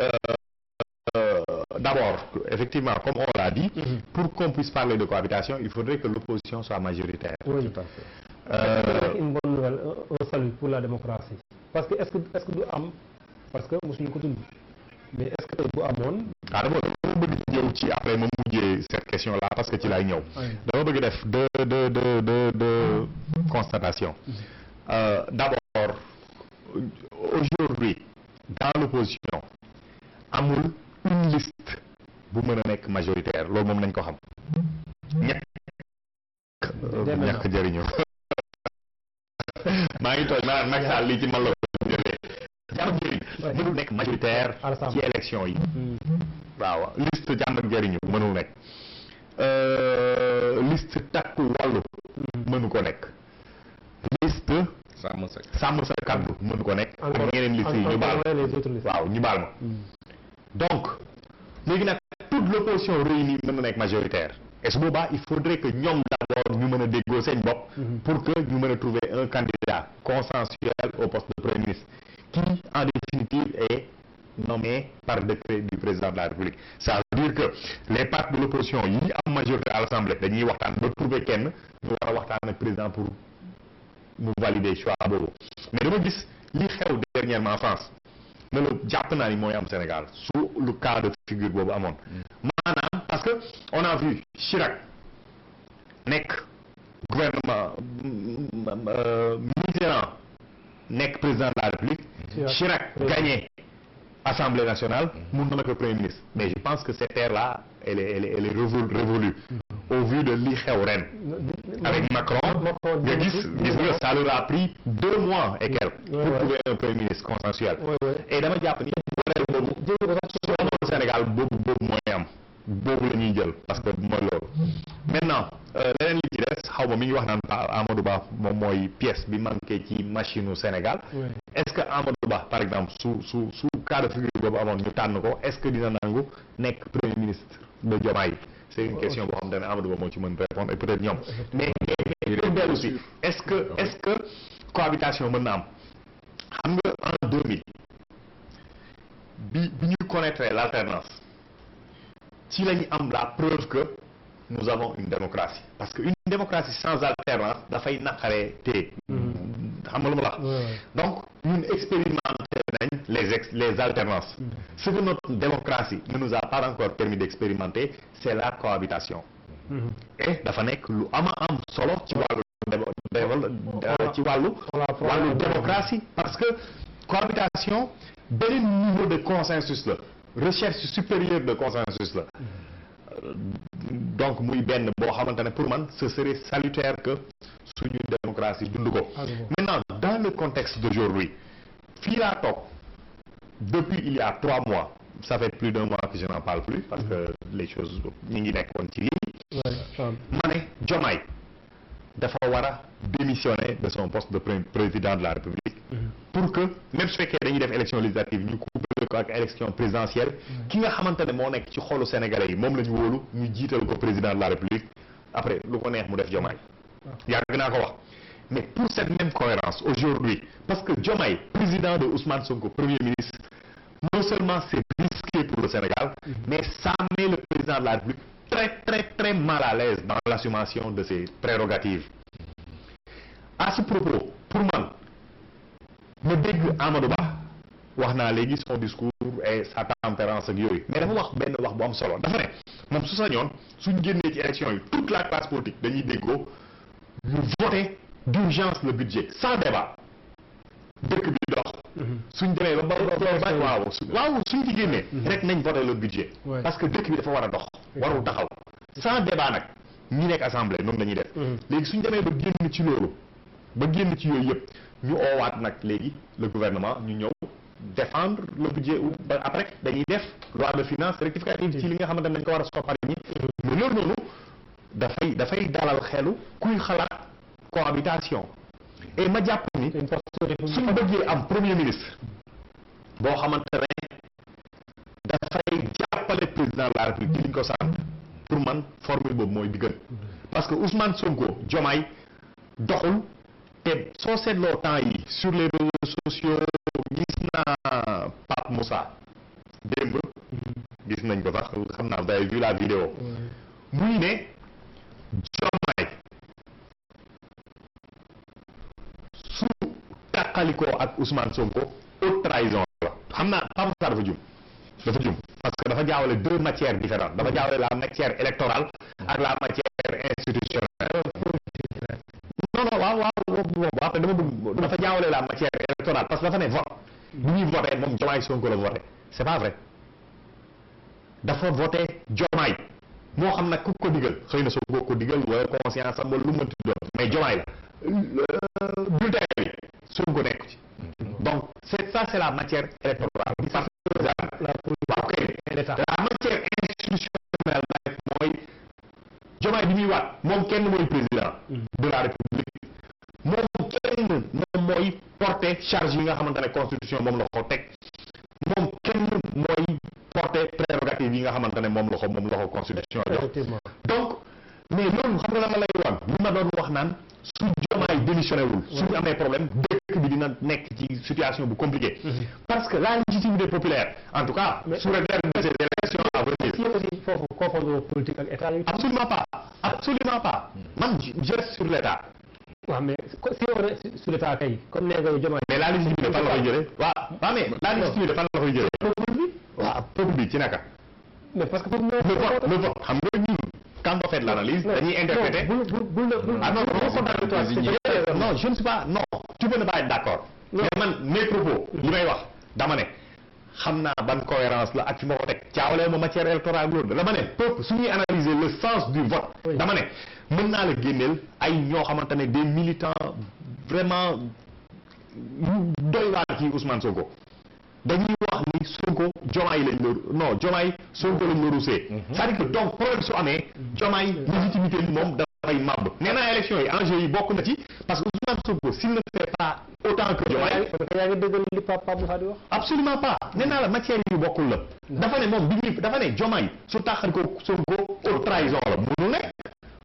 Euh, euh, d'abord, effectivement, comme on l'a dit, mhm. pour qu'on puisse parler de cohabitation, il faudrait que l'opposition soit majoritaire. Oui, tout à fait. Euh... euh une bonne nouvelle, un salut pour la démocratie. Parce que est-ce que, est-ce que nous avons, parce que nous sommes mais est-ce que vous avons... Ah, d'abord, je vous dire après cette question-là, parce que tu l'as ignoré. D'abord, je deux, deux, deux, de deux constatations. Mhm. Euh, d'abord, aujourd'hui, dans l'opposition, amul une liste bu mën a nekk majoritaire loolu moom nañ ko xam ñàkk ñàkk jëriñu ngi toog naa Macky Sall mënul nekk majoritaire ci élection yi hmm. waaw liste jàmm ak mënul nekk euh, liste takku wàllu hmm. mënu ko nekk liste sàmm sa kàddu mënu ko nekk ak yeneen liste yi ñu baal ma waaw ñu baal ma hmm. y a toute l'opposition réunie même avec majoritaire et moment-là, il faudrait que nous, d'abord ñu mën des mhm. pour que nous mën trouver un candidat consensuel au poste de premier ministre qui en définitive est nommé par décret du président de la République ça veut dire que les partis de l'opposition yi am majorité à l'Assemblée dañuy ont de trouver quelqu'un ñu war le président pour nous valider choix boobu mais dama gis li xew dernièrement en France mais la jàpp naa ni Sénégal le cas de figure Bob Amon. parce que on a vu Chirac nekk gouvernement euh, Mitterrand Nek, président de la République Chirac gagné Assemblée nationale mu que le premier ministre mais je pense que cette ère-là elle est révolue mm. au vu de li avec mm. Macron mm. ça leur a pris deux mois et quelques pour trouver un premier ministre consensuel et dama ni salaire boobu su amoon Sénégal boobu boobu mooy am boobu la ñuy jël parce que mooy loolu maintenant euh, leneen li ci des xaw ma mi ngi wax naan Amadou Ba moom mooy pièce bi manqué ci machine u Sénégal est-ce que Amadou Ba par exemple su su su cas de figure boobu amoon ñu tànn ko est-ce que dina nangu nekk premier ministre de Diomaye c'est une question boo xam te ne Amadou Ba moo ci mën répondre et peut-être ñoom mais mais aussi est-ce que est-ce que cohabitation mën na bi ñu connaître l'alternance ci la la preuve que nous avons une démocratie parce qu'une démocratie sans alternance ça naqaree une mm-hmm. xam donc nous expérimentons les les alternances mm-hmm. ce que notre démocratie ne nous a pas encore permis d'expérimenter c'est la cohabitation mm-hmm. et ça fait que ama am solo ci démocratie parce que cohabitation Bel niveau de consensus là, recherche supérieure de consensus donc muy Ben, Mohamed, pour ce serait salutaire que suñu démocratie d'un ah, maintenant dans le contexte d'aujourd'hui fi depuis il y a trois mois ça fait plus d'un mois que je n'en parle plus parce que les choses ñi ngi nekkoon ci lii ma dafa démissionner de son poste de président de la République que même si fekkee dañuy def élection législative ñu couplé le élections élection présidentielle ki nga xamante mo nek ci xolu sénégalais yi moom la ñu ñu ko président de la république après lu ko neex mu def y yag na ko wax mais pour cette même cohérence aujourd'hui parce que Diomaye président de Ousmane Sonko premier ministre non seulement c'est risqué pour le Sénégal mm-hmm. mais ça met le président de la République très très très mal à l'aise dans l'assumation de ses prérogatives à ce propos pour moi ma dégg Amadou Ba wax naa léegi son discours et sa tempérance ak yooyu mais dafa wax benn wax bu am solo dafa ne moom su sañoon suñ génnee ci élection yi toute la classe politique dañuy déggoo ñu voter d'urgence le budget sans débat dëkk bi dox mhm. suñ demee ba ba waaw waaw suñ ci génnee mhm. rek nañ voter le budget parce que dëkk bi dafa war a dox warul taxaw sans débat nag ñi nekk assemblée noonu la ñuy def mhm. léegi suñ demee ba génn ci loolu ba génn ci yooyu yëpp ñu oowaat nag léegi le gouvernement ñu ñëw défendre le budget après dañuy def loi de finance rectificative ci li nga xamante ne dañ ko war a soppari ñi mais loolu noonu dafay dafay dalal xelu kuy xalaat cohabitation et ma jàpp ni suñ bëggee am premier ministre boo xamante ne dafay jàppale président de la république ci liñ ko sant pour man formule boobu mooy bi gën parce que Ousmane Sonko Diomaye doxul te soo seetloo temps yi sur les réseaux sociaux gis naa Pape Moussa démb mm-hmm. gis nañ ko sax xam naa vous avez vu la vidéo muy ne Diomaye su tàqalikoo ak Ousmane Sonko haute trahison la xam naa Pape Moussa dafa jum dafa jum parce que dafa jaawale deux matières différentes dafa jaawale la matière électorale ak la matière boobu après dama bëgg dafa jaawale la matière électorale parce que dafa ne vote bu ñuy voté moom Diomaye Sonko la voté c'est pas vrai dafa voté Diomaye moo xam nag ku ko digal xëy na soo ko digal wala conscience am wala lu mënti doon mais Diomaye la euh, bulletin bi Sonko nekk ci donc c'est ça c'est la matière électorale constitution mom loxo tek mom kenn porter prérogative yi nga mom mom constitution donc mais non xam nga la ma problème dina situation bu compliquée mhm. parce que la légitimité populaire en tout cas sous élections absolument pas absolument pas hmm. man je sur l'état waaw mais si yow rek sur l'état kay comme nee nga Diomaye. mais la légitimité fan la koy jëlee. waaw waaw mais la légitimité fan la koy jëlee. peuple bi waaw peuple bi ci naka. mais parce que pour le vote le vote xam nga ñun. quand on fait l'analyse dañuy interpréter. non non je ne suis pas non. tu peux ne pas être d'accord. mais man mes propos. li may wax dama ne. xam naa ban cohérence la ak fi ma ko teg caawalee matière électorale loolu dama ne peuple su ñuy analyser le sens du vote. dama ne mën naa la génneel ay ñoo xamante ne des militants vraiment doy waar ci Ousmane Sonko dañuy wax ni Sonko Jomaay lañ la non Jomaay Sonko lañ la rusee. Mhm. cest à que donc problème su amee. Jomaay mhm. légitimité bi moom dafay màbb. nee naa élection yi enjeu yi bokk na ci parce que Ousmane Sonko s'il ne fait pas autant que Jomaay. yaa ngi dëggal li papa bu Khadi wax. absolument pas nee naa la matière yi bokkul la. Mhm. dafa ne moom bi dafa ne Jomaay su taxal ko Sonko haute trahison la mënul ne.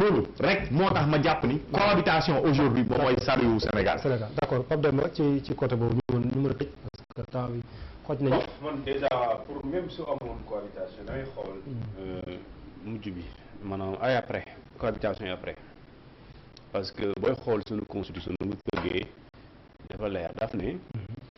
loolu rek moo tax ma jàpp ni cohabitation aujourd'hui moom mooy sariwu Sénégal. Sénégal d'accord Pape Demba ci ci côté boobu ñu mën ñu mën a tëj parce que temps bi xoj nañu. man déjà pour même su amoon cohabitation damay xool. Euh, mujj bi maanaam ay après cohabitation yi après parce que booy xool suñu constitution nu mu tëggee dafa leer daf ne. Mhm.